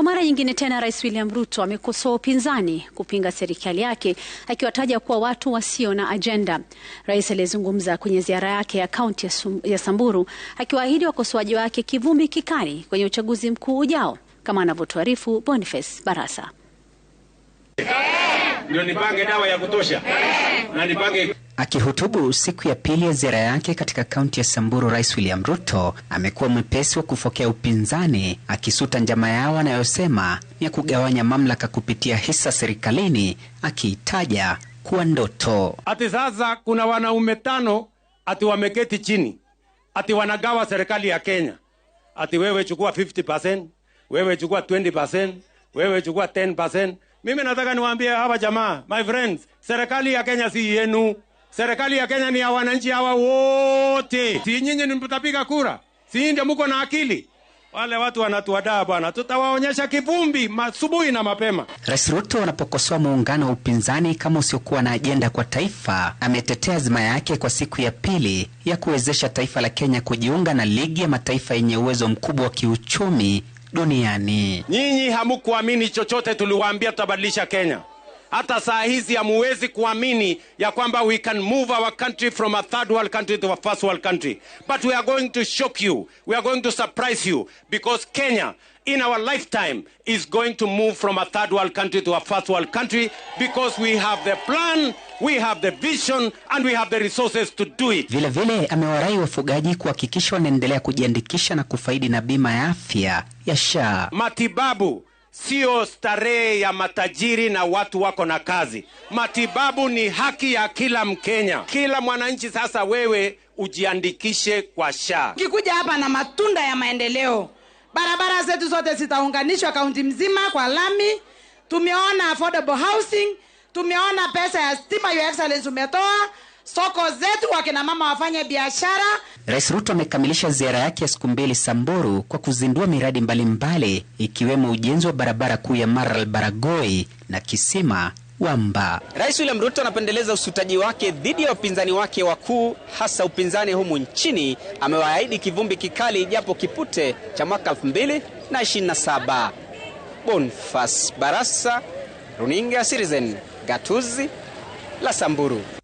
Kwa mara nyingine tena, Rais William Ruto amekosoa upinzani kupinga serikali yake akiwataja kuwa watu wasio na ajenda. Rais aliyezungumza kwenye ziara yake ya kaunti ya, ya Samburu akiwaahidi wakosoaji wake kivumbi kikali kwenye uchaguzi mkuu ujao, kama anavyotuarifu Boniface Barasa. Ndio nipange dawa ya kutosha na nipange Akihutubu siku ya pili ya ziara yake katika kaunti ya Samburu, Rais William Ruto amekuwa mwepesi wa kufokea upinzani, akisuta njama yao anayosema ni ya kugawanya mamlaka kupitia hisa serikalini, akiitaja kuwa ndoto. Ati sasa kuna wanaume tano ati wameketi chini ati wanagawa serikali ya Kenya, ati wewe chukua 50%, wewe chukua 20%, wewe chukua 10%. Mimi nataka niwaambie hawa jamaa, my friends, serikali ya Kenya si yenu. Serikali ya Kenya ni ya wananchi hawa wote. Si nyinyi ni mtapiga kura? Si ndio mko na akili? Wale watu wanatuadaa bwana, tutawaonyesha kivumbi asubuhi na mapema. Rais Ruto anapokosoa muungano wa upinzani kama usiokuwa na ajenda kwa taifa, ametetea azima yake kwa siku ya pili ya kuwezesha taifa la Kenya kujiunga na ligi ya mataifa yenye uwezo mkubwa wa kiuchumi duniani. Nyinyi hamkuamini chochote, tuliwaambia tutabadilisha Kenya hata saa hizi hamuwezi kuamini ya kwamba we can move our country from a third world country to a first world country but we are going to shock you we are going to surprise you because kenya in our lifetime is going to move from a third world country to a first world country because we have the plan we have the vision and we have the resources to do it. Vile vile amewarai wafugaji kuhakikisha wanaendelea kujiandikisha na kufaidi na bima ya afya ya SHA. Matibabu sio starehe ya matajiri na watu wako na kazi. Matibabu ni haki ya kila Mkenya, kila mwananchi. Sasa wewe ujiandikishe kwa SHA. Ukikuja hapa na matunda ya maendeleo, barabara zetu zote zitaunganishwa kaunti mzima kwa lami. Tumeona affordable housing, tumeona pesa ya stima, your umetoa soko zetu, wakina mama wafanye biashara. Rais Ruto amekamilisha ziara yake ya siku mbili Samburu kwa kuzindua miradi mbalimbali ikiwemo ujenzi wa barabara kuu ya maral Baragoi na kisima Wamba. Rais William Ruto anapendeleza usutaji wake dhidi ya wapinzani wake wakuu, hasa upinzani humu nchini. Amewaahidi kivumbi kikali japo kipute cha mwaka 2027. Bonfas Barasa, runinga Citizen, gatuzi la Samburu.